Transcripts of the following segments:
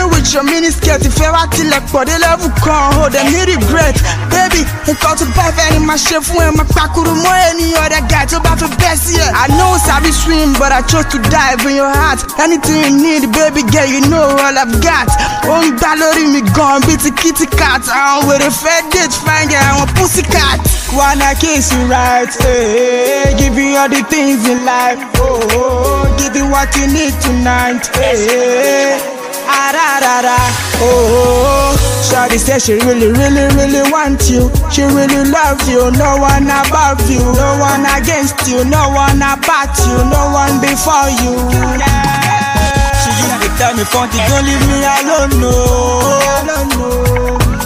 me with your miniskirt If ever till like body level kan hold them hit regret Baby, nǹkan tó bá fẹ́ ni my ṣe fún ẹ Máa pàkúrú mọ́ ẹni ọ̀dà guy tó about fi bẹ́ sí I know sabi swim but I chose to dive in your heart Anything you need baby girl you know all I've got Ó ń gbá lórí mi beat bí kitty cat Àwọn wèrè fẹ́ date fine I want pussy cat Wanna kiss you right, hey, eh, hey, give you all the things in life oh, oh, oh, give you what you need tonight hey, eh. hey. ararara. Oh, Shadi say she really, really, really want you. She really loves you. No one above you. No one against you. No one about you. No one before you. She used to tell me, Fonty, don't leave me alone. No.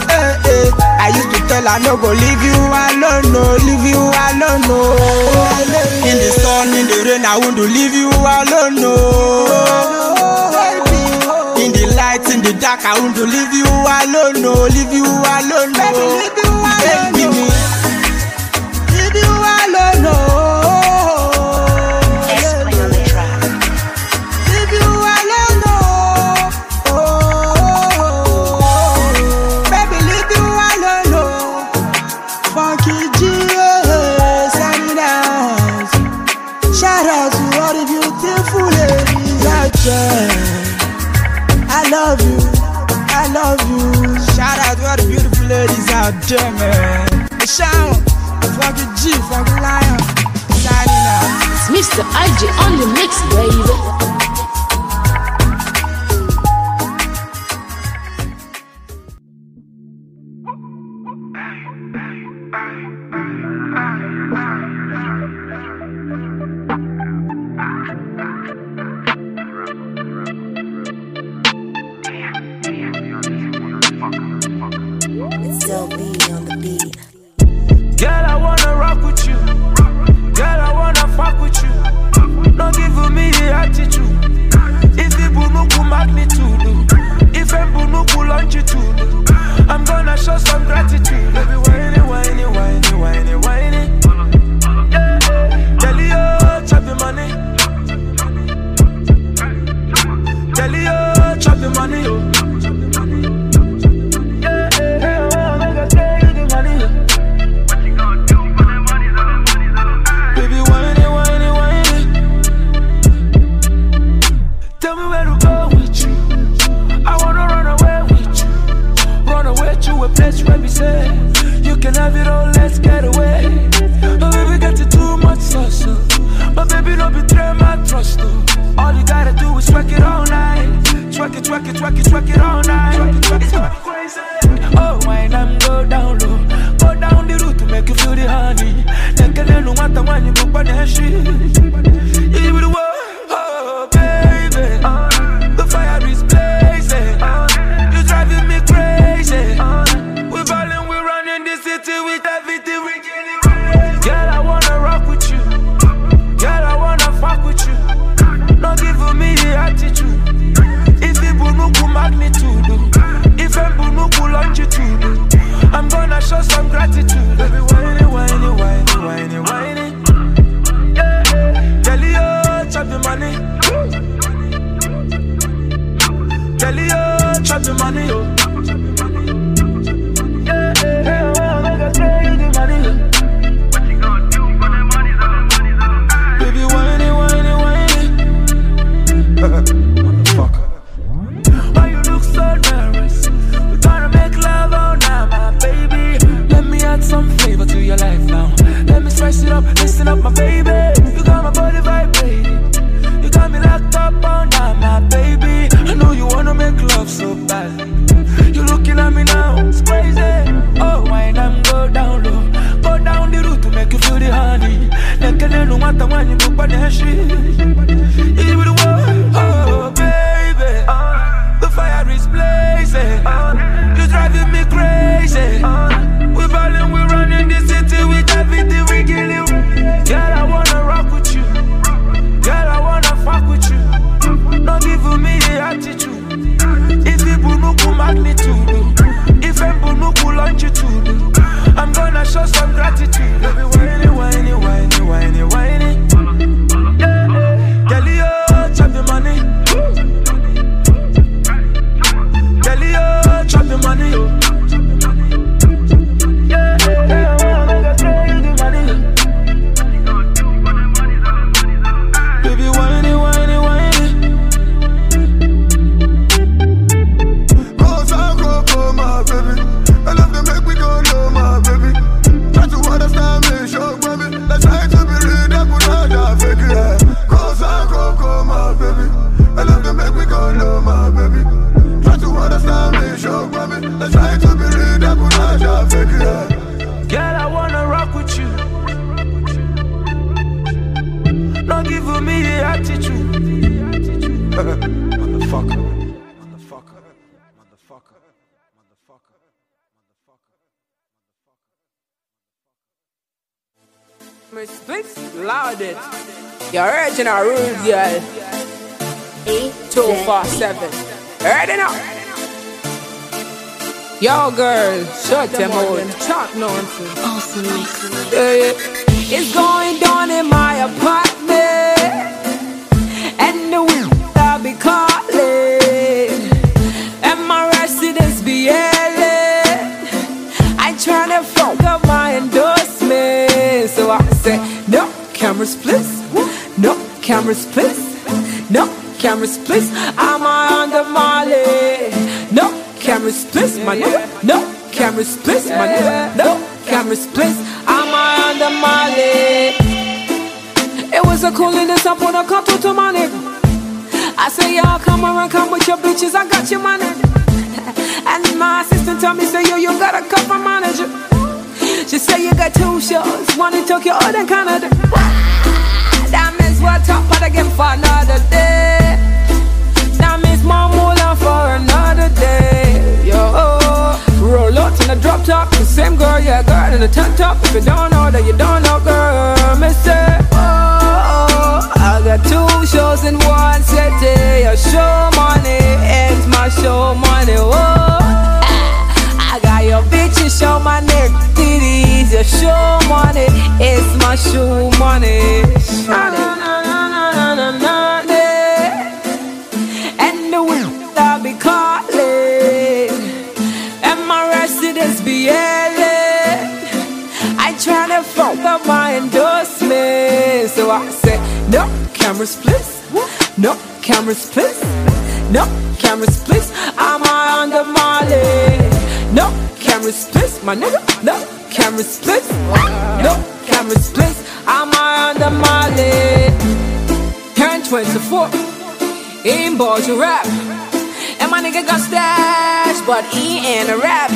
Hey, eh, eh. hey. I used to tell her, no go leave you alone, no leave you alone, no. In the sun, in the rain, I won't leave you alone, no the dark, I want to leave you alone, no, leave you alone, no. Baby, leave German. A shower, a fucking G, fucking lion. Mr. IG on the mix, baby. loud it. You're urging girl. Eight, two, four, seven. Heard it up. Yo, girl, shut them out. Chop nonsense. Awesome. It's going down in my apartment. cameras, please. No cameras, please. No cameras, please. I'm on the Molly. No cameras, please, my nigga. No cameras, please, my nigga. No cameras, please. I'm on the Molly. It was a cool in the sun when I come to my nigga. I say, y'all come around, come with your bitches. I got your money. and my assistant told me, say, yo, you got a couple manager. She say you got two shows, one in Tokyo, other in Canada world top of the game for another day. Now miss my moolah for another day. Yo, roll out in the drop top, the same girl, yeah, girl in the tank top. If you don't know that you don't know, girl, me say, oh, oh, I got two shows in one city. Your show money and my show money. Oh, I got your bitches show my neck titties. Your show money is my show money. cameras, please. No cameras, please. No cameras, please. I'm high on the molly. No cameras, please, my nigga. No cameras, please. No cameras, please. I'm high on the molly. in Inboard you rap. And my nigga got stash, but he ain't a rap.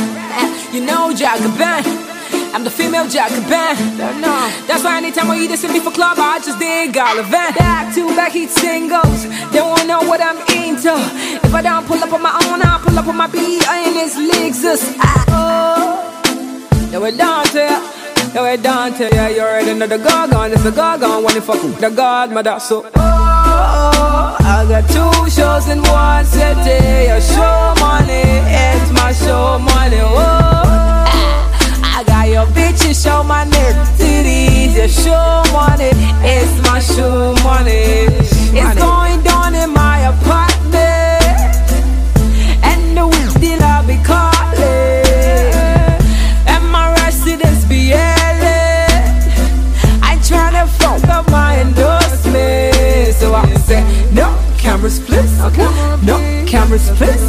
You know, Jack Ben female Jacobin. That's why anytime I eat this in for club, I just dig all of it. Back to back heat singles. They won't know what I'm into. If I don't pull up on my own, I'll pull up on my beat. I ain't just Lexus. Ah, oh, now we're down to ya. Now we're down to ya. You already know the gargon. It's the gargon. Wanna fuck with the godmother. So, oh, oh, I got two shows in one city. I show money. It's my show money. Oh your bitch and show my nigga titties. Yeah, sure want money It's my shoe money. It's going down in my apartment, and the I'll be calling, and my residence be yelling. I try to fuck up my endorsement, so I say no cameras, please. Okay. No cameras, please.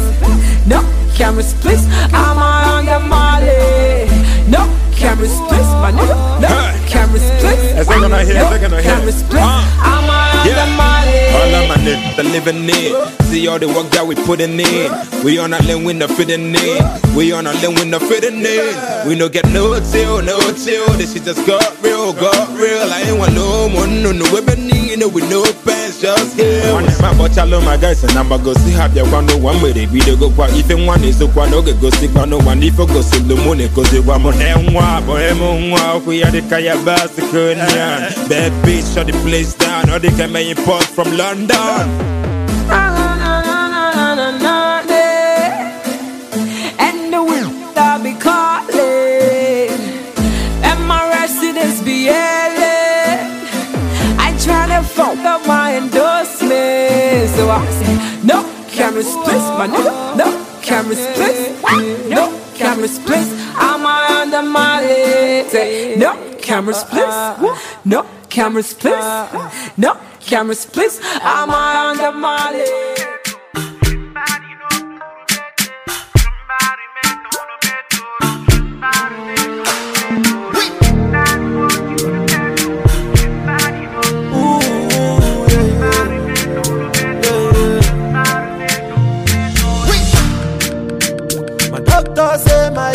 No cameras, please. I'm on the molly. Camera split, my nigga. No. Camera split. As they're gonna hear, they're gonna hear. Camera split. I'm yeah. All of my niggas are living in. See all the work that we putting in. We on a lane, we no fitting in. We on a lane, we no fitting in. We no get no chill, no chill. This shit just got real, got real. I ain't want no more, no, no, weapon hanging out with no fans, just him. One time I bought all my guys and I'm going to go see how they want no one with a video go qua. If one is so qua no go see qua no one if I go see the moon cause you want more than one. But I'm on one we are the kaya bicycle. Bad bitch shut the place down or they can make import from London. camera splits, my nigga. No camera splits. No camera splits. I'm on the head. No camera splits. No camera splits. No camera splits. I'm on the head.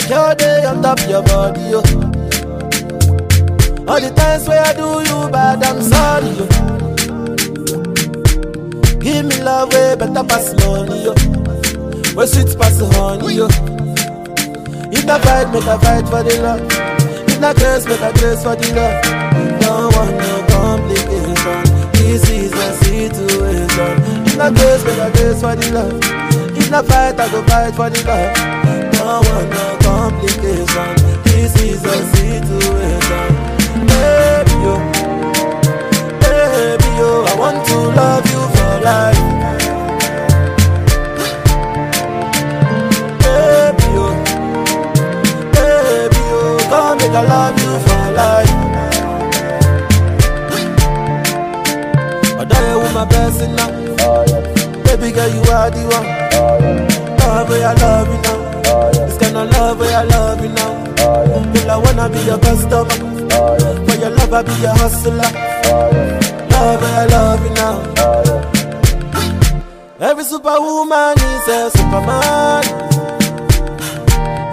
Your day on top your body, yo. All the times where I do you bad, I'm sorry, yo. Give me love way better pass money, yo. Where sweet pass honey, yo. If I fight, make a fight for the love. If I curse, make a curse for the love. Don't want no complication. This is the situation. If I curse, make a curse for the love. If I fight, I go fight for the love no want no complication. This is a situation. life, you hustle life. Love, I love you now. Every superwoman is a superman.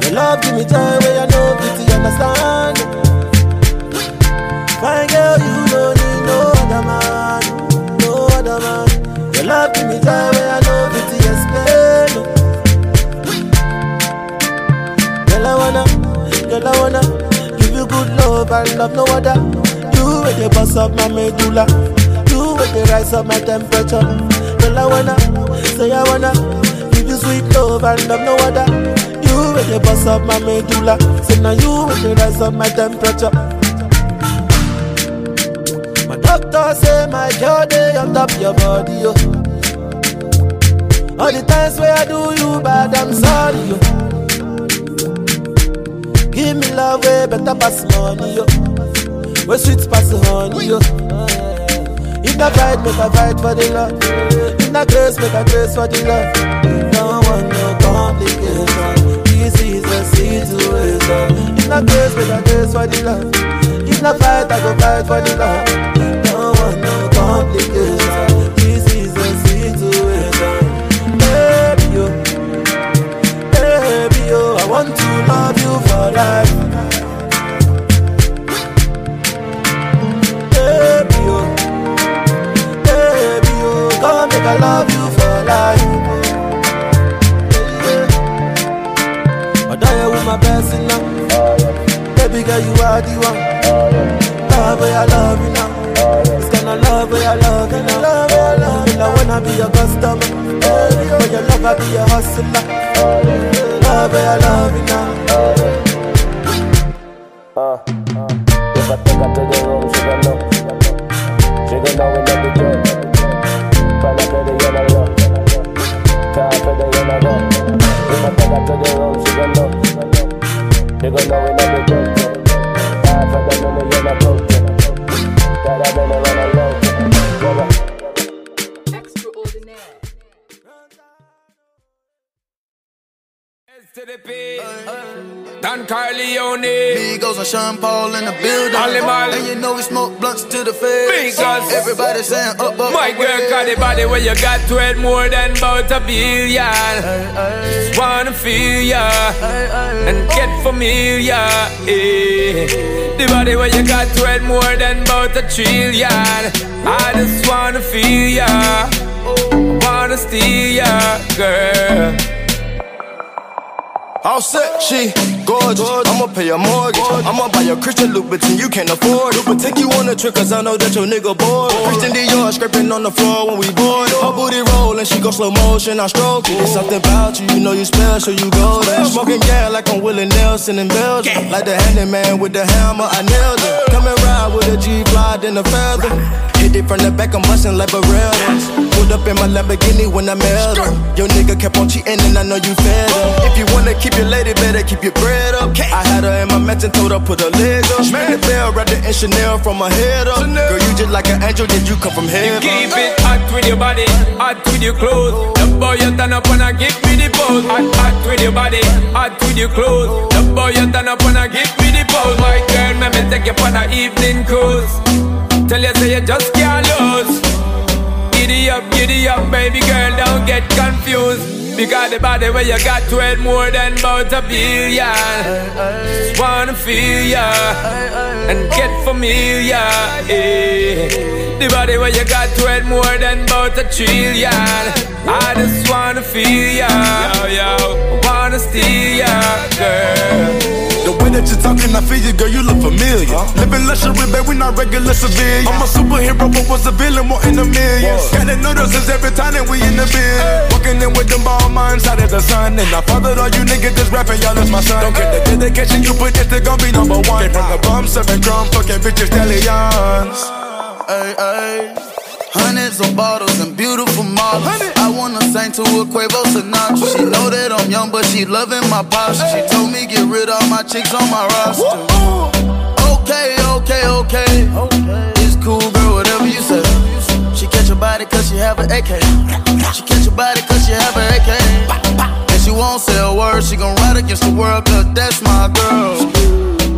Your love give me joy where I know beauty understand. Fine girl, you don't need no other man, no other man. Your love give me joy where I know beauty explain. Girl, I wanna, girl, I wanna give you good love and love no other where they bust up my medulla. You where they rise up my temperature. Girl, I wanna, say I wanna, give you sweet love and love no other. You where they bust up my medulla. Say now you where they rise up my temperature. My doctor say my girl they on top your body, yo. All the times where I do you bad, I'm sorry, yo. Give me love way eh, better pass money, yo. Where sweet pass the honey, yo. In a fight, make a fight for the love. In a grace, make a grace for the love. Don't want no complication. This is a situation. In a grace, make a grace for the love. In a fight, I go fight for the love. Don't want no complication. where you got to it more than about a billion. Just wanna feel ya and get familiar. Eh. The body where you got to it more than about a trillion. I just wanna feel ya, wanna steal ya, girl set, she gorgeous. I'ma pay your mortgage. I'ma buy your Christian Louboutin, you can't afford it. But take you on a trip, cause I know that your nigga bored. Christian Dior scraping on the floor when we board. Her booty rollin', she go slow motion, I stroke it. something about you, you know you special, you go there. Smoking gas like I'm Willie Nelson in Belgium. Like the handyman with the hammer, I nailed it. Come and ride with a G-Fly, then the feather hit it from the back, I'm bustin' like a one. Pulled up in my Lamborghini when I mailed him. Your nigga kept on cheatin', and I know you fed him. If you wanna keep your lady, better keep your bread up. I had her in my mansion, told her put her leg up. Ring the bell, wrapped it in Chanel from my head up. Girl, you just like an angel, did you come from heaven? You keep it hot with your body, hot with your clothes. The boy you turn up when I give me the pose. Hot, hot with your body, hot with your clothes. The boy you turn up when I give me the pose. My girl, me take you for the evening cruise. Tell you say you just can't lose. Giddy up, giddy up, baby girl, don't get confused. Because the body where you got to it more than about a billion. Just wanna feel ya and get familiar. Yeah. The body where you got to it more than about a trillion. I just wanna feel ya, yo, Wanna steal ya, girl that you're talking, I feel you, girl, you look familiar. Huh? Living luxury, babe, we not regular civilians. I'm a superhero, but was a villain, more in a million. Got the noodles every time that we in the bill. Walking in with them ball all mine, side of the sun. And I followed all you niggas just rapping, y'all that's my son. Don't get the dedication you put, to gon' be number one. Came from the bum, serving drum, fucking bitches, stallions. Hey, hey. Hundreds of bottles and beautiful models. I wanna sing to a Quavo Sinatra. She know that I'm young, but she loving my posture. She told me get rid of my chicks on my roster. Okay, okay, okay. It's cool, girl body cause she have an AK. She catch your body cause she have an AK. And she won't say a word, she gon' ride against the world cause that's my girl.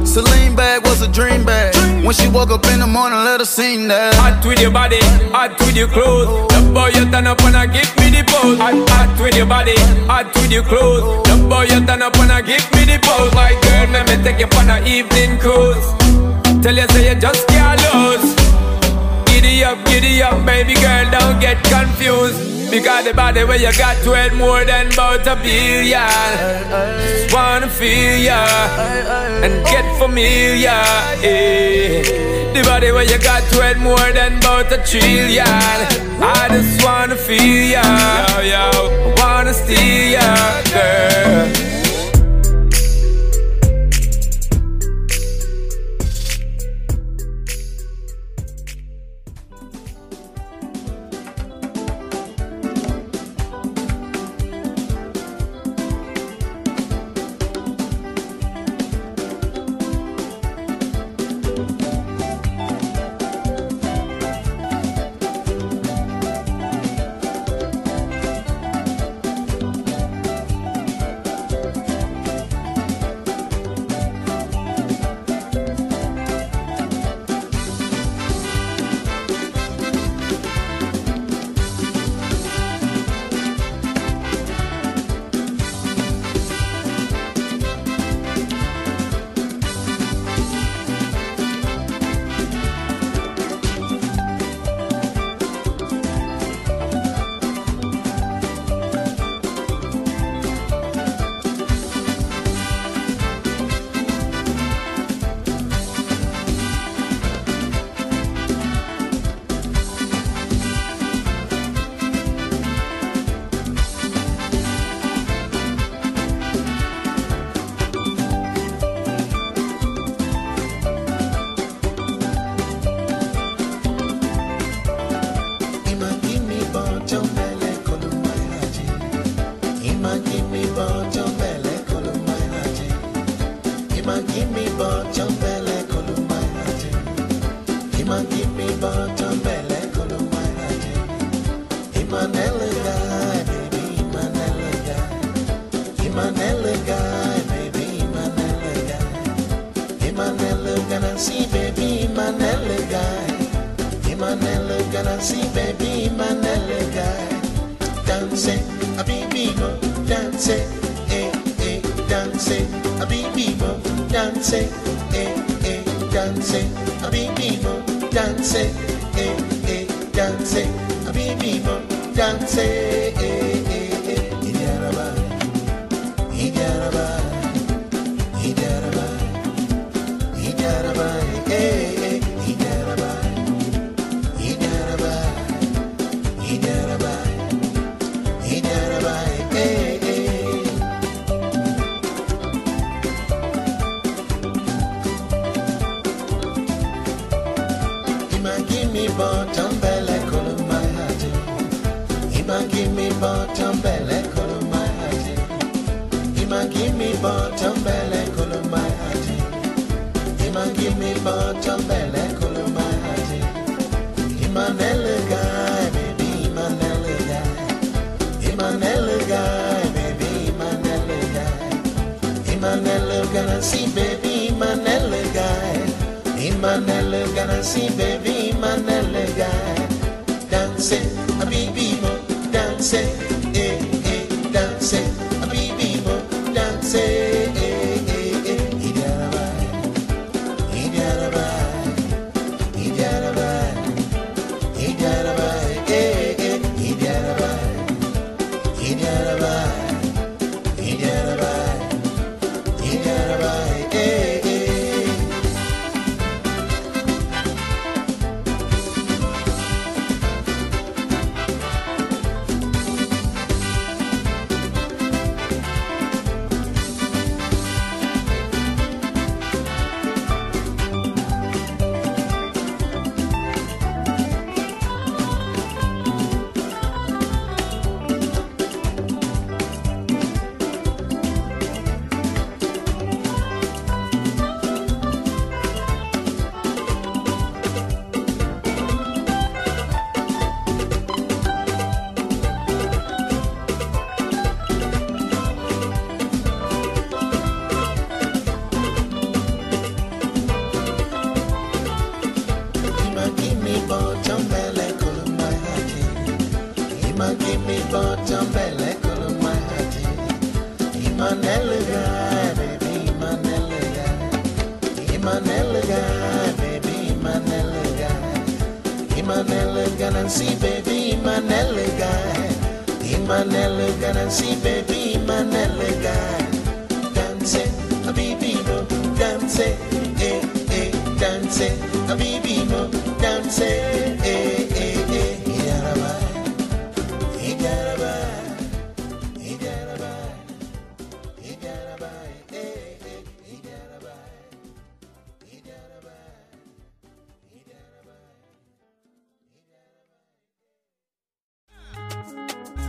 Celine bag was a dream bag. When she woke up in the morning, let her sing that. Hot with your body, hot with your clothes. The boy you turn up when I give me the pose. Hot, with your body, hot with your clothes. The boy you turn up when I give me the pose. Like girl, let me take you for an evening cruise. Tell you say you just can't lose. Giddy up, giddy up, baby girl, don't get confused. Because the body where you got to it more than about a billion. Just wanna feel ya and get familiar. Eh. The body where you got to it more than about a trillion. I just wanna feel ya, yo, wanna steal ya, girl.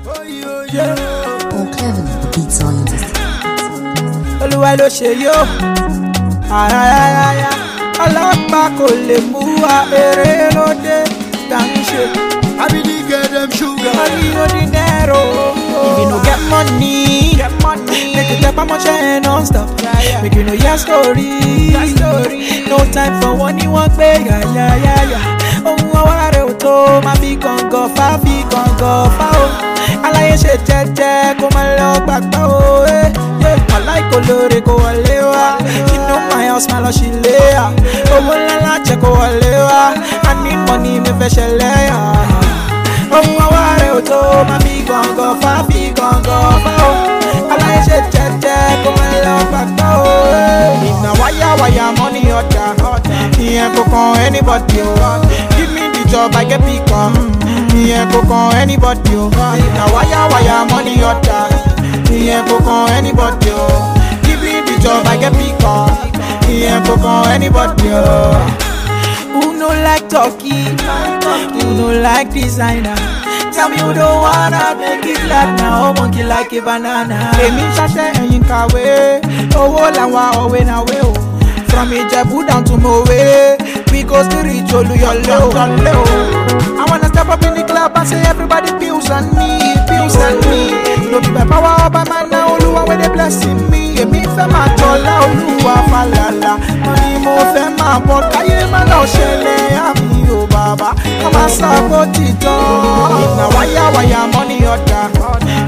Kevin, oh, the beat scientist. ṣe yó. Alápá kò lè mú wa eré lóde tá ṣe. Abidi get dem sugar. Money no dey narrow. no get money, get money. make you tap amọ̀ṣẹ́ non-stop. Make you no hear story. No time for one ni wọ́n pé yàyàyàyà. Ohun ọwọ́ rẹ̀ ò tó máa fi gàngàn fá fi gàngàn fá o. aláyé ṣe jẹ́jẹ́ kó má lọ gbàgbọ́ o ẹ yóò mọ̀ láìkó lóore kó wọlé wá inú my house má lọ sí ilé à owó ńláńlá jẹ kó wọlé wá a ní mọ̀ ní mi fẹ́ ṣẹlẹ̀ yà ohun ọwọ́ rẹ̀ ò tó má fi gàngàn fá fi gàngàn fá o aláyé ṣe jẹ́jẹ́ kó má lọ gbàgbọ́ o ẹ eh. ìgbà wáyà wáyà mọ́ ní ọjà ìyẹn kò kàn anybody o give me the job I get pick up. ìyẹn kò kan anybody o oh. na wáyà wáyà money order ìyẹn kò kan anybody o oh. me the job i get pick up ìyẹn kò kan anybody o. Oh. Who no like turkey? Who no like designer? Tell me who don't wanna make it like now, monkey like a banana. Èmi ń ṣaṣẹ́ ẹ̀yìn kàwé, owó làwọn òwe náà wé o. From Ìjẹ̀bú down to Mòwe. Because the rich you low. I wanna step up in the club and say everybody pills on me, pills on me. No be by power or by man, now Olúwa where they blessing me. Èmi fẹ́ máa tọ́lá Olúwa falala. Mami mo fẹ́ máa bọ̀ káyé má lọ Baba, àmì o bàbá. Ká máa sábò títọ́. Na wáyà wáyà money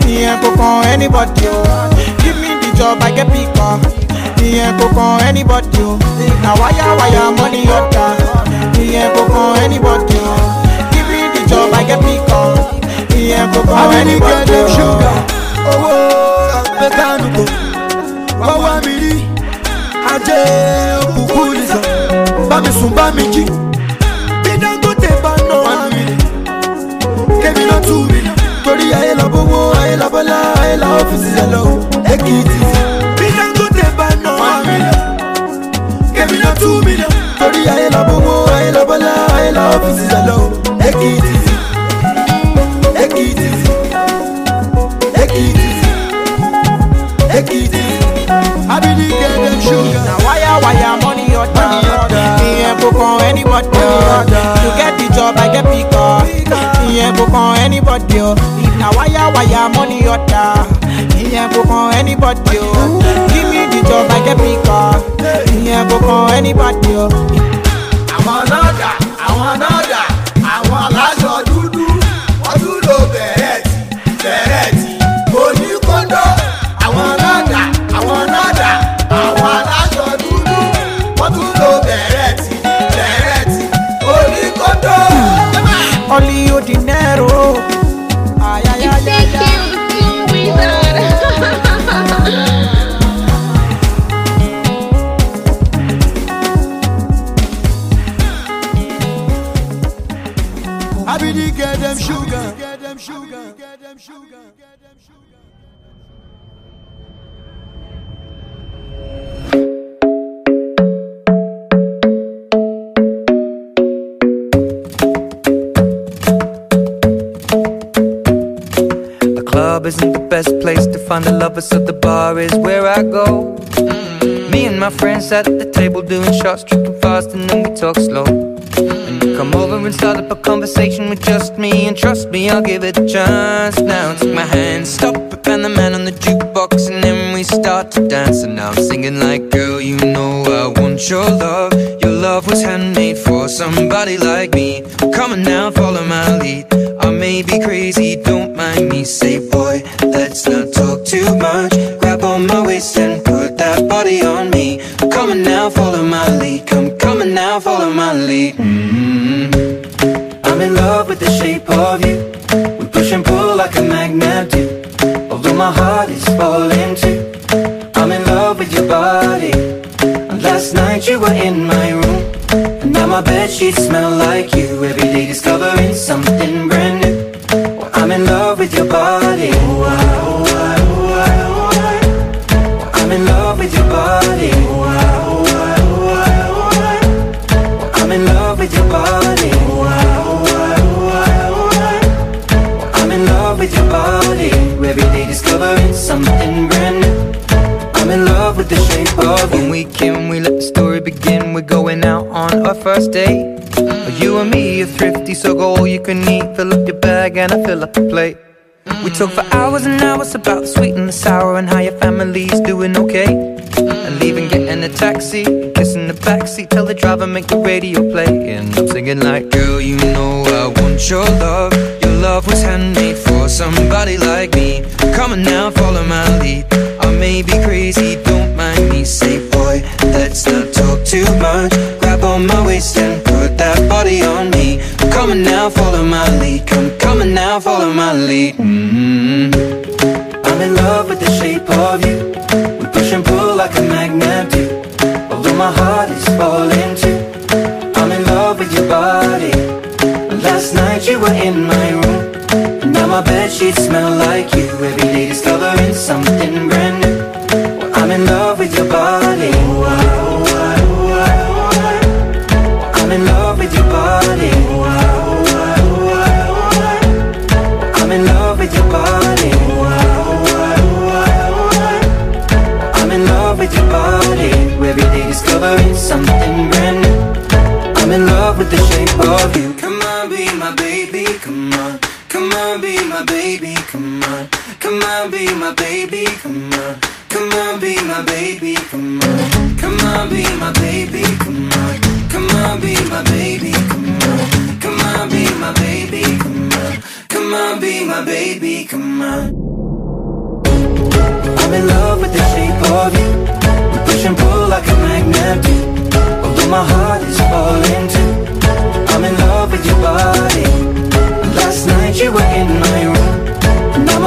Me ain't go kan anybody oh. Give me the job, I get pick up ìyẹn kò kan anybody o na wáyàwáyà money ọ̀tá ìyẹn kò kan anybody o give me the job I get pick up ìyẹn kò kan anybody o. owó àgbẹ̀kánukò wọ́n wá mi rí ajé òkùnkùn nìsan bá mi sùn bá mi jí bí Dangote bá ná one million kébí náà two million torí ayé lọ bówó ayé lọ bọ́lá ayé lọ ọ́fíìsì ẹ lọ Èkìtì. èmi náà two million. torí ayé la bówó ayé la bọ́lá ayé la ọ́fíìsì sálọ èkìtì èkìtì èkìtì èkìtì. abidi gẹ̀ẹ́dẹ̀ ṣoga. na waya waya money order ìyẹn kò kan anybody oh. you get the job i get pick up ìyẹn kò kan anybody na waya waya money order ìyẹn kò kan anybody oh. give me the job i get pick up ìyẹn kò kan anybody o. àwọn náà dà àwọn náà dà àwọn aláṣọ dúdú wọ́n tún lò bẹ̀rẹ̀ tì bẹ̀rẹ̀ tì. find the lovers, so the bar is where I go. Mm -hmm. Me and my friends at the table doing shots, tripping fast, and then we talk slow. And come over and start up a conversation with just me, and trust me, I'll give it a chance. Now take my hand, stop it, and the man on the jukebox, and then we start to dance. And now I'm singing like, girl, you know I want your love. Your love was handmade for somebody like me. Come on now, follow my lead. I may be crazy, don't mind me. Say, boy, let's not talk. down, follow my lead mm -hmm. I'm in love with the shape of you We push and pull like a magnet do Although my heart is falling too I'm in love with your body and Last night you were in my room And now my bed sheets smell like you Every day discovering something brand new well, I'm in love with your body we can, we let the story begin. We're going out on our first date. Mm. You and me are thrifty, so go all you can eat. Fill up your bag and I fill up the plate. Mm. We talk for hours and hours about the sweet and the sour and how your family's doing okay. Mm. And leaving, getting a taxi, kissing the backseat, tell the driver make the radio play. And I'm singing like, girl, you know I want your love. Your love was handmade for somebody like me. Come on now, follow my lead. I may be crazy, don't mind me. Say Let's talk too much Grab on my waist and put that body on me I'm coming now, follow my lead Come coming now, follow my lead mm -hmm. I'm in love with the shape of you We push and pull like a magnet do Although my heart is falling too I'm in love with your body Last night you were in my room Now my bed sheets smell like you Every day discovering something baby, come on. Come on, be my baby, come on. Come on, be my baby, come on. Come on, be my baby, come on. Come on, be my baby, come on. Come on, be my baby, come on. I'm in love with the shape of you. We push and pull like a magnet do. Although my heart is falling too. I'm in love with your body. Last night you were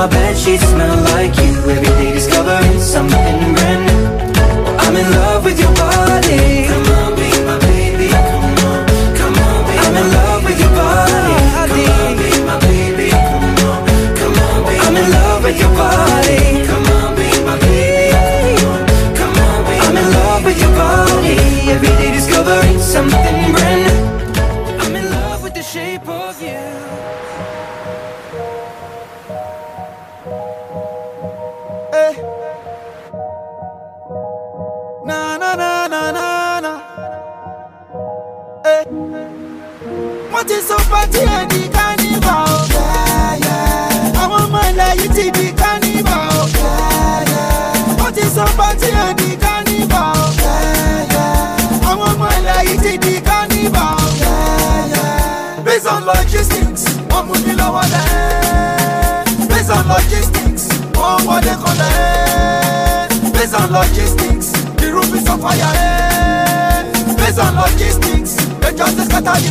my bed sheets smell like you Every day discovering something brand new I'm in love with your body Come on, be my baby Come on, come on, be I'm in love with your body Come on, be my baby Come on, come on, be I'm in love with your body Come on, be my baby Come on, come on, be I'm in love with your body Every day discovering something brand new I'm in love with the shape of you ti so pátí ẹ̀ di kánífà o. àwọn ọmọ ilẹ̀ yìí ti di kánífà o. ó ti so pátí ẹ̀ di kánífà o. àwọn ọmọ ilẹ̀ yìí ti di kánífà o. based on logistics wọ́n mú mi lọ́wọ́ lẹ́. based on logistics wọ́n wọlé kan lẹ́. based on logistics the roof is on fire. based on logistics. Her just to scatter the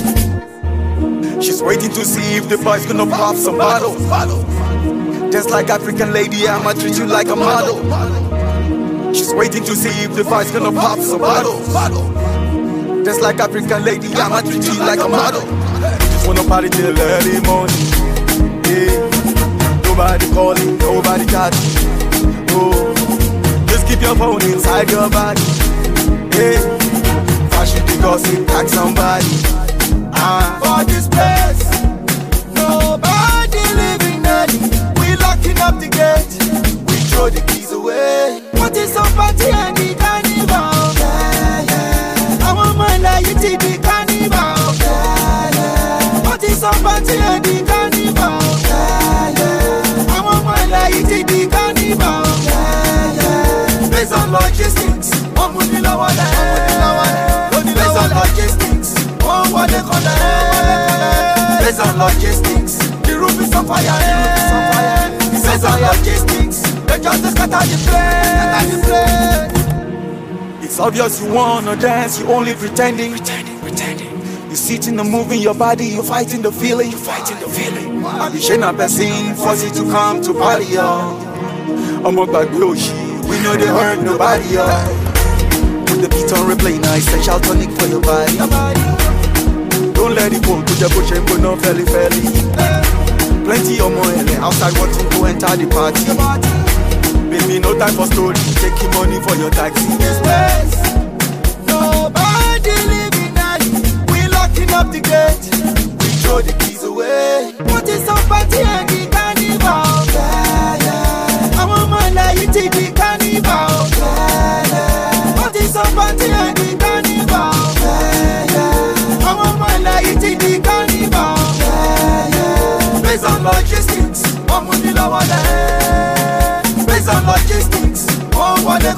place. She's waiting to see if the boys gonna pop some bottles. Just like African lady, I'ma treat you like a model. She's waiting to see if the boys gonna pop some bottles. Just like African lady, I'ma treat you like a model. Just wanna party till early morning. Yeah. Nobody calling, nobody touching. Oh. Just keep your phone inside your body. Yeah. Cause it tax somebody. Ah. For this place, nobody living any. We locking up the gate, we throw the keys away. What is up party and the carnival? Yeah, yeah. I Our mind like it the carnival. Yeah, yeah. What is up party and the carnival? Yeah, yeah. I Our mind like it the carnival. Yeah, yeah. Based on logistics, one would be lower than. Sekole Based on logistics The roof is on fire Based on logistics They just scatter the place It's obvious you wanna dance You only pretending Pretending, pretending you sitting and moving your body, you are fighting the feeling, you are fighting the feeling. You should not be seen, forced to come to party, yo. I'm up by Gloshi, we know they hurt nobody, yo. Put the beat on replay, Nice essential tonic for your body. Don't let it go push a push and go no fairly fairly. Plenty of money outside wanting to enter the party. Baby, no time for story. Taking money for your taxi. This place, nobody living night. We locking up the gate. We throw the keys away. What is up party and the carnival? Yeah, yeah. I want my life to the carnival. ní lọ́wọ́ lẹ̀ based on logistics ó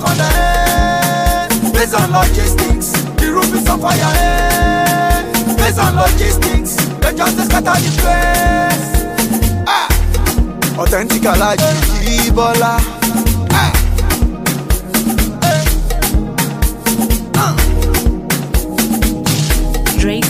gonna lẹ̀ based on logistics the roof is on fire eh? based on logistics the just dey scatter the place. Ah! authentic alájí Ebola. bọ́lá. Dre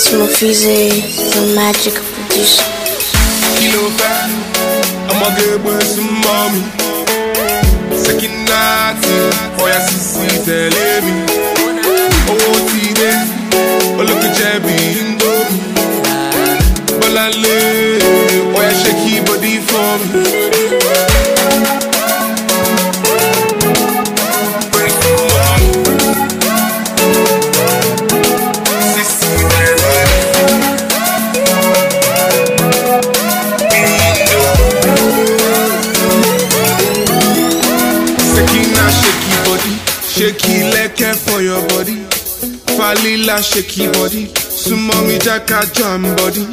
Massimo Fizzy, the magic of Kilo fat, I'm a girl boy some mommy. Second night, oh yeah, sissy tell me. Oh, today, oh look at Jabby Indomie. Balale, oh yeah, shake your body for me. care for your body. Falila, shake your body. Sumomi jaka jam body.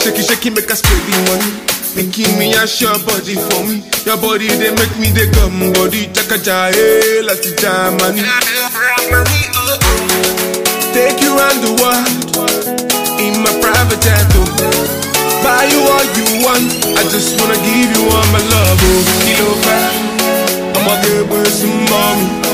Shaky, shaky, make us pay the money. Making me a your body for me. Your body they make me the gum body. Jaka jae, eh, lati jamani. Take you around the world in my private jet. Buy you all you want. I just wanna give you all my love. Oh, kilo fat. I'm a good person, mommy.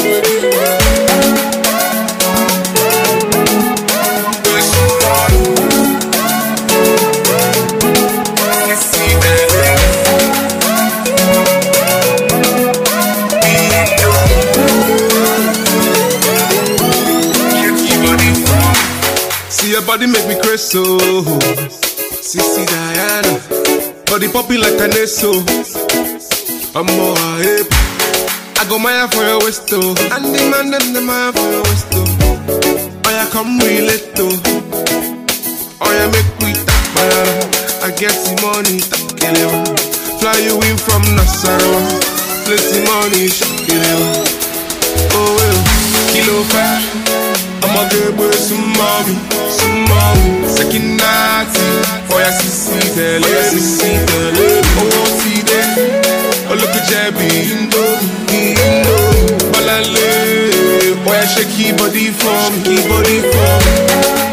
body make me crazy so. Oh. Sissy Diana, body popping like an eso. Oh. I'm more hip. I go Maya for your waist oh. and the man them the Maya for your waist oh. Oh yeah, come relate though. Oh yeah, make we tap my I get the money, tap kill you. Fly you in from Nassarawa, plenty money, shock kill you. Oh well, kilo five. Ama gebe soumami, soumami Sekinati, oya sisi tele, sisi tele Owo ti de, oloko jebi Indomi, indomi Balale, oya shake your body for me, body for me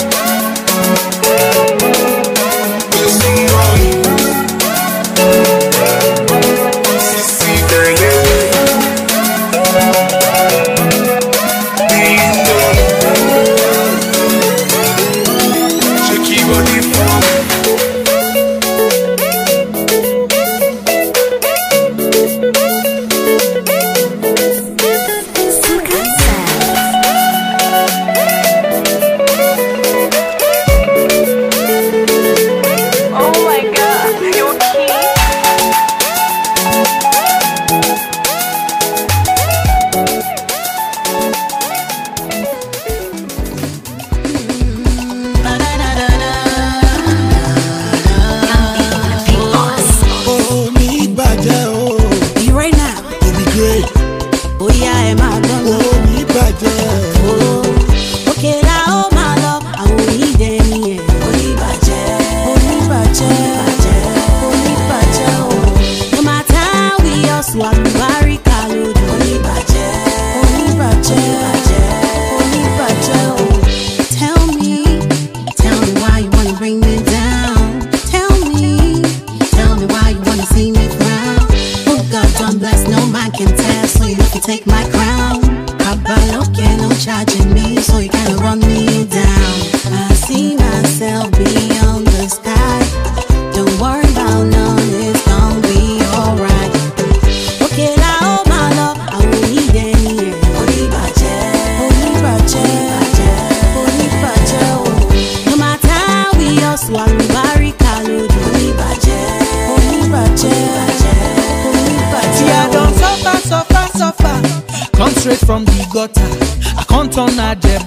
take my crown.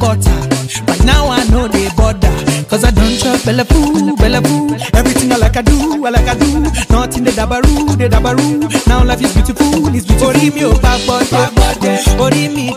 gutter. Right now I know they bother. Cause I don't chop bella poo, bella poo. Everything I like I do, I like I do. Nothing the dabaru, the dabaru. Now life is beautiful, it's beautiful. Ori mi o oh, bad, bode, ori mi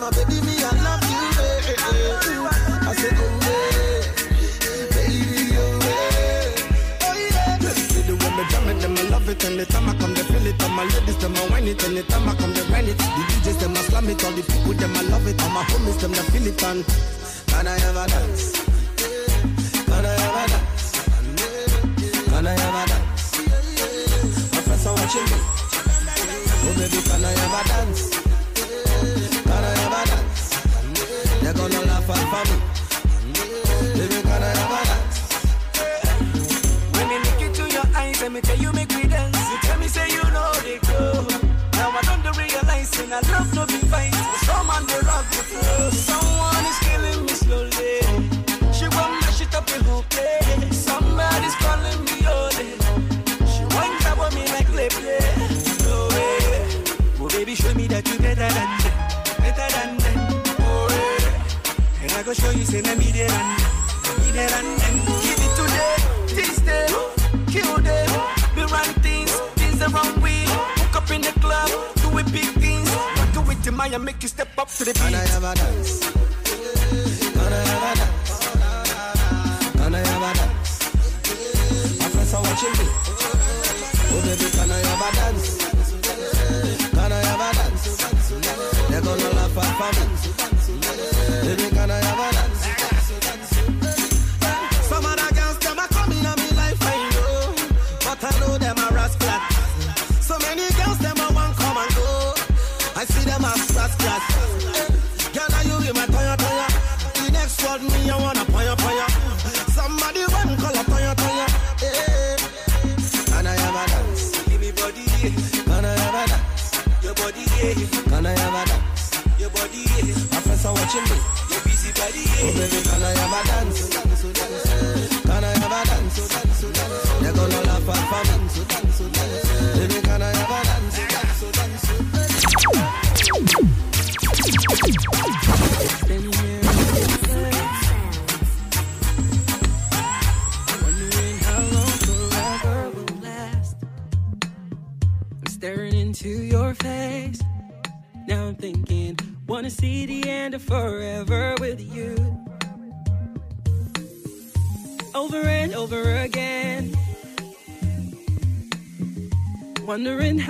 My baby me, I love you. baby. Eh, eh, eh. I said, oh, hey, baby, oh, hey. Oh, Let's see the way me jam it, them I love it. time I come, they feel it. All my ladies, them I whine it. time I come, they whine it. The DJs, them I slam it. All the people, them I love it. All my homies, them I feel it. And can I ever dance? Can I ever dance? Can I ever dance? My friends are watching me. Oh, baby, can I ever dance? Let me tell you, I make you step up to the beat. And I have a dance.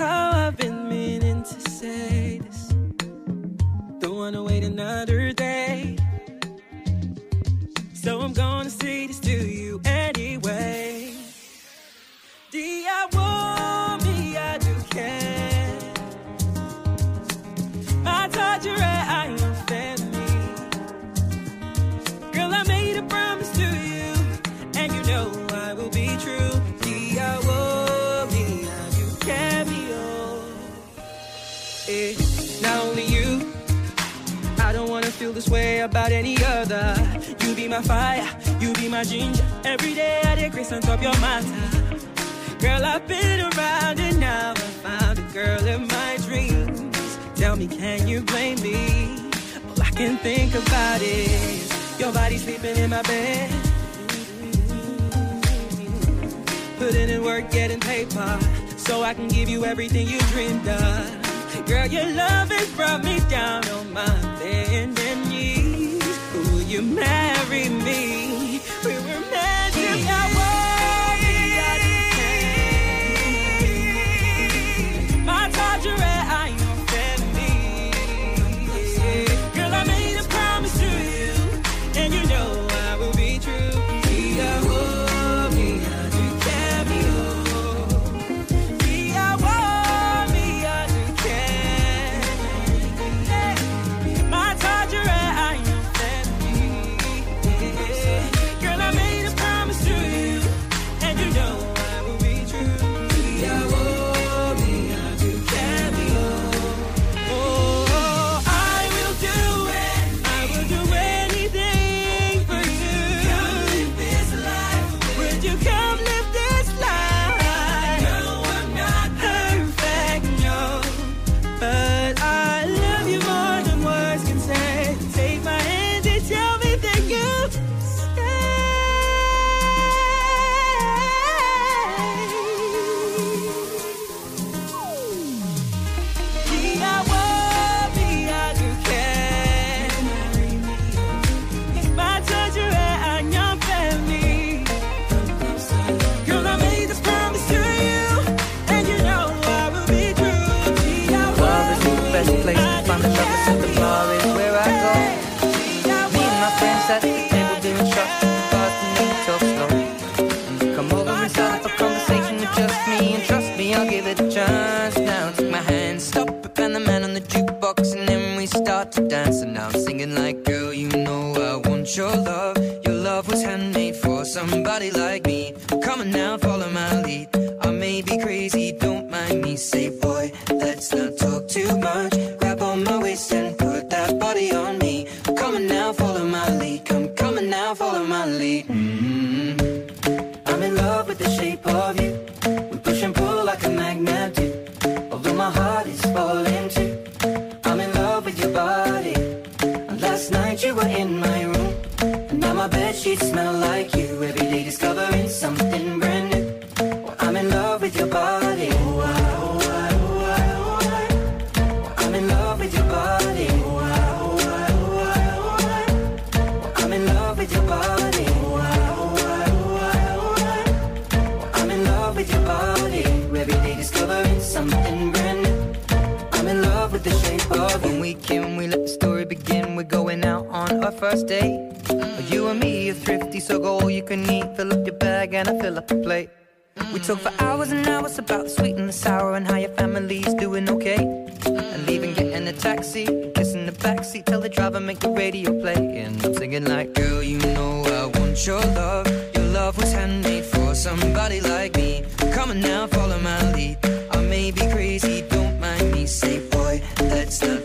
how I'll give it a chance now. Take my hand, stop it, and the man on the jukebox, and then we start to dance. And now I'm singing like, girl, you know I want your love. Your love was handmade for somebody like me. Come on now, follow my lead. I may be crazy. took all you can eat, fill up your bag and I fill up the plate. We talk for hours and hours about the sweet and the sour and how your family's doing okay. And leaving, getting a taxi, kissing the backseat, tell the driver make the radio play. And I'm singing like, girl, you know I want your love. Your love was handmade for somebody like me. Come on now, follow my lead. I may be crazy, don't mind me. Say, boy, let's not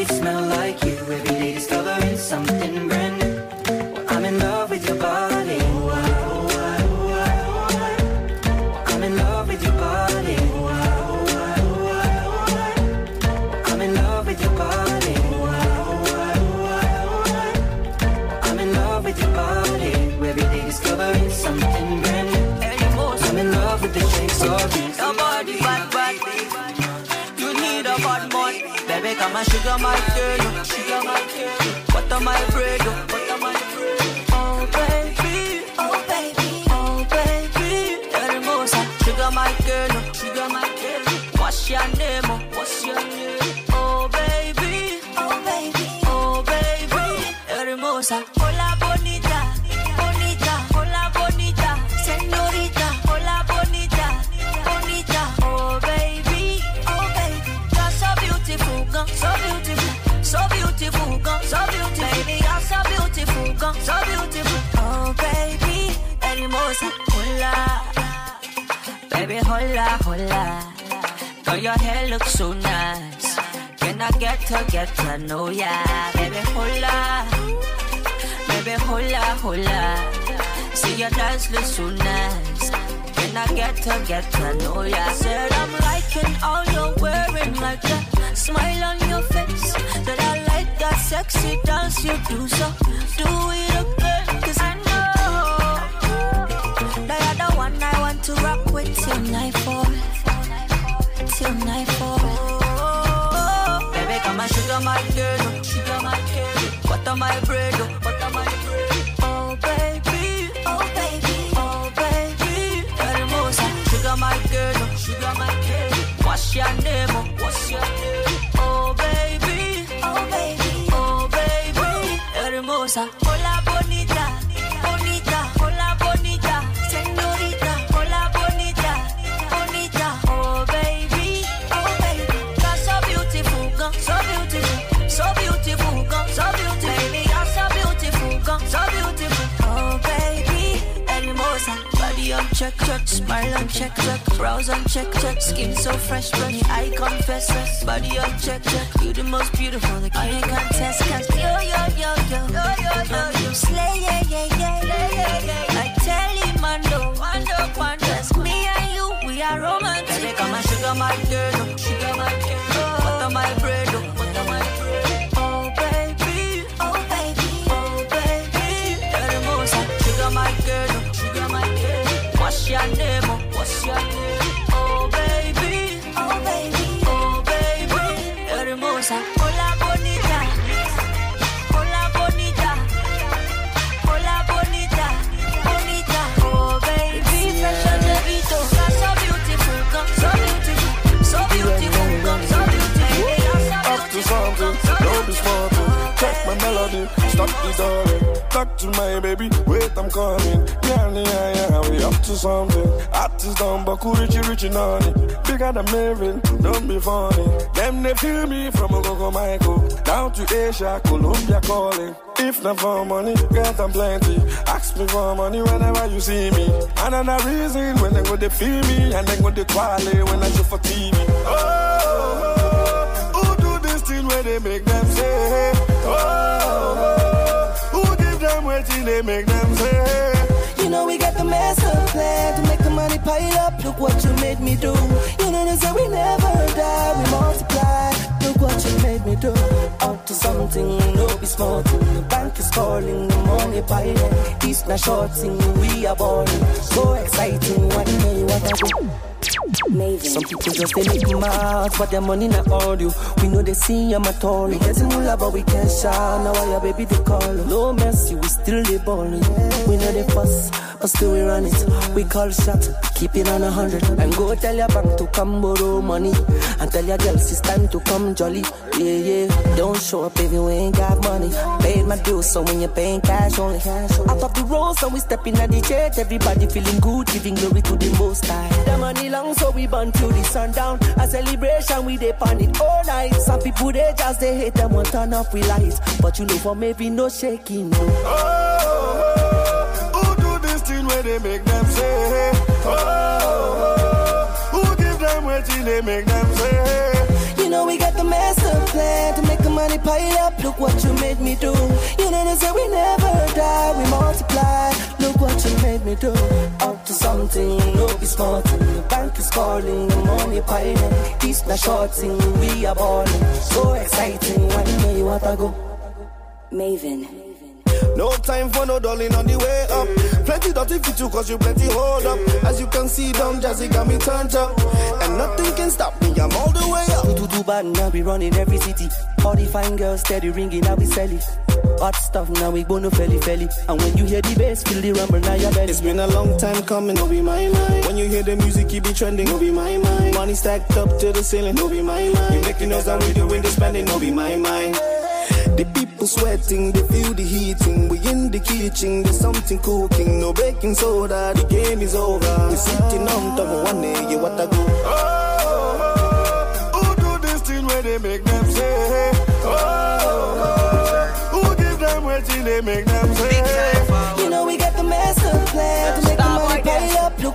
sheets smell like you. Every day discovering something. my sugar, my girl, sugar, my girl. What am I afraid of? hola, hola. Girl, your hair looks so nice. Can I get to get to know ya? Baby, hola. Baby, hola, hola. See your dance looks so nice. Can I get to get to know ya? Said I'm liking all you're wearing, like that smile on your face. That I like that sexy dance you do. So do it again. one I want to rock with till nightfall, till nightfall. baby, come and sugar my girl, sugar my girl, butter my bread, butter my Oh baby, oh baby, oh baby, hermosa, sugar my girl, sugar my girl. What's your name? What's your Oh baby, oh baby, oh baby, hermosa. Hola bonita. check, check, smile and check, check, brows and check, check, skin so fresh, fresh, I confess, yes, body on check, check, you the most beautiful, the king contest, cause yo, yo, yo, yo, yo, yo, yo, you slay, yeah, yeah, yeah, yeah, yeah, yeah. I tell him, I know, one, two, one, just me and you, we are romantic. Baby, come and sugar my girl, oh. sugar my girl, butter oh. my bread. stop the door. Talk to my baby, wait, I'm coming. Yeah, yeah, yeah, we up to something. Artists don't buckle, richy, richy, on it. Bigger than Marin, don't be funny. Them, they feel me from Ogogo Michael down to Asia, Colombia calling. If not for money, get them plenty. Ask me for money whenever you see me. And i reason when they go to feel me, and they go to quality when I show for TV. Oh, oh, oh, who do this thing when they make them say, oh they make them say. You know we got the master plan to make the money pile up. Look what you made me do. You know they say we never die, we multiply. Look what you made me do. Up to something, no be smarting. The bank is calling, the money piling. It's not shorting, we are balling. So exciting, what day what I do. Some people just they make mouth for their money not all you. We know they see I'm at all. We getting but we can't shout. Now why your baby they call? No mercy, we still they ball. Yeah. We know they fuss and still we run it. We call shots, keep it on a hundred. And go tell your bank to come borrow money. And tell your girls it's time to come jolly. Yeah, yeah. Don't show up if you ain't got money. Paid my dues, so when you're paying cash only. Out of the road, so we stepping at the church. Everybody feeling good, giving glory to the most high. The money long, so we burn till the sundown. A celebration, we dey it all night. Some people they just they hate them, will turn off we lights. But you know for maybe no shaking. No. Oh! where they make them say, oh, oh, oh. who give them waiting they make them say. You know we got the master plan to make the money pile up. Look what you made me do. You know they say we never die, we multiply. Look what you made me do. Up to something, look be smarting. The bank is calling, the money piling. This not shorting, we are balling. So exciting, one day you want to go. Maven. No time for no darling on the way up. Plenty dirty fit you cause you plenty hold up. As you can see, Don Jazzy got me turned up. And nothing can stop me, I'm all the way up. Do do bad now, we running every city. All the fine girls steady ringing, now we sell it. Hot stuff now we go no felly felly. And when you hear the bass, feel the rumble now you're belly. It's been a long time coming, no be my mind. When you hear the music, it be trending, no be my mind. Money stacked up to the ceiling, no be my mind. You making us and we doing the spending, no be my mind. The people sweating, they feel the heating. We in the kitchen, there's something cooking. No baking soda, the game is over. We sitting on top of one day, what I go. Oh, oh, oh, who do this thing where they make them say? Oh, oh, oh who give them what they make them say?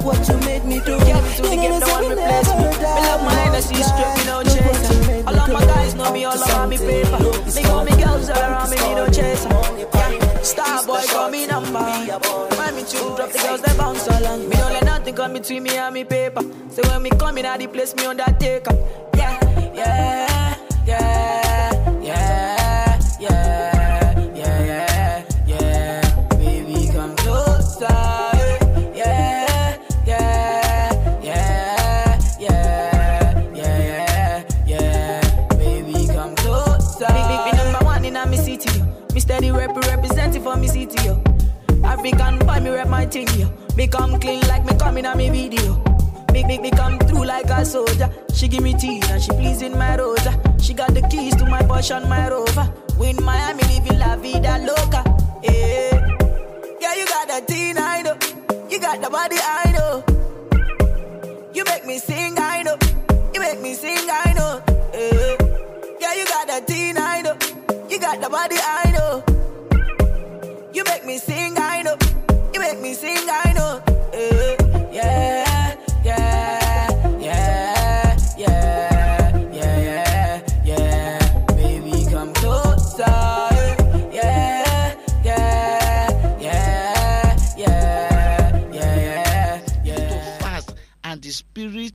what you made me do. Get to the game, the one replace me. Me love my legacy, straight, me no chase. All of my guys know me, all about me paper. They call me girls all around me, me no chaser. Yeah. Star boy, call me number. Mind me tune, drop the girls they bounce along. Me don't let nothing come between me and me paper. So when me come in, I the place me undertaker. Yeah, yeah, yeah. Me African buy me rep my thing me come clean like me coming on me video. Me me me come through like a soldier. She give me tea and she pleasing my rosa. She got the keys to my Porsche and my Rover. Win Miami, living la vida loca. Yeah, yeah, you got the teen, I know. You got the body, I know. You make me sing, I know. You make me sing, I know. Yeah, yeah you got the teen, I know. You got the body, I know. You make me sing make me sing. I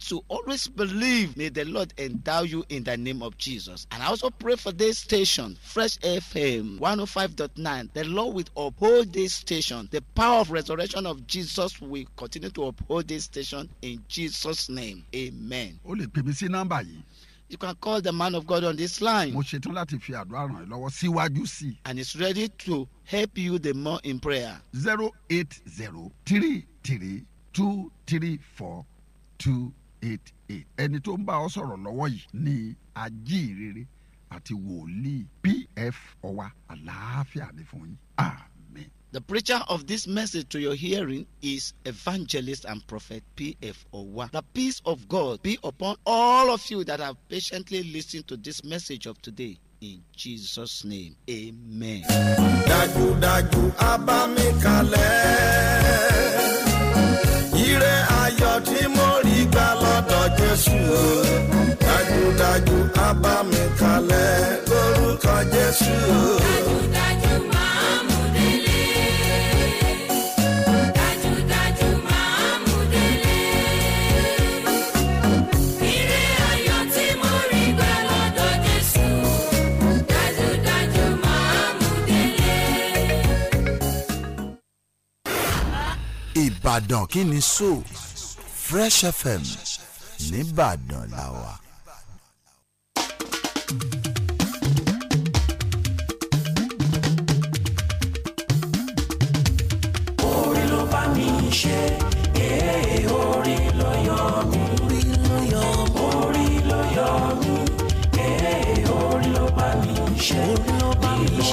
to always believe. May the Lord endow you in the name of Jesus. And I also pray for this station, Fresh FM 105.9. The Lord will uphold this station. The power of resurrection of Jesus will continue to uphold this station in Jesus' name. Amen. O PBC number. You can call the man of God on this line. Mo ṣetán láti fi àdúrà ràn ẹ́ lọ́wọ́ síwájú sí And it's ready to help you the more in prayer. zero eight zero three three two three four two eight eight ẹni tó ń bá ọ sọ̀rọ̀ lọ́wọ́ yìí ní ajíhìnrere àti wòlíì pf ọwa àlàáfíà ni fún yín àmín. The preacher of this message to your hearing is evangelist and prophet P.F. Owa. The peace of God be upon all of you that have patiently listened to this message of today. In Jesus' name, amen ire ayọ̀ tí mo rí gbà lọ́dọ̀ Jésù o. Dájúdájú abámi lórúkọ Jésù o. Dájúdájú máa. Ìbàdàn kí ni so Fresh FM nìbàdàn la wà. orí ló bá mi ṣe èé eh, orí ló yọ mí orí ló yọ mí èé eh, orí ló bá mi ṣe.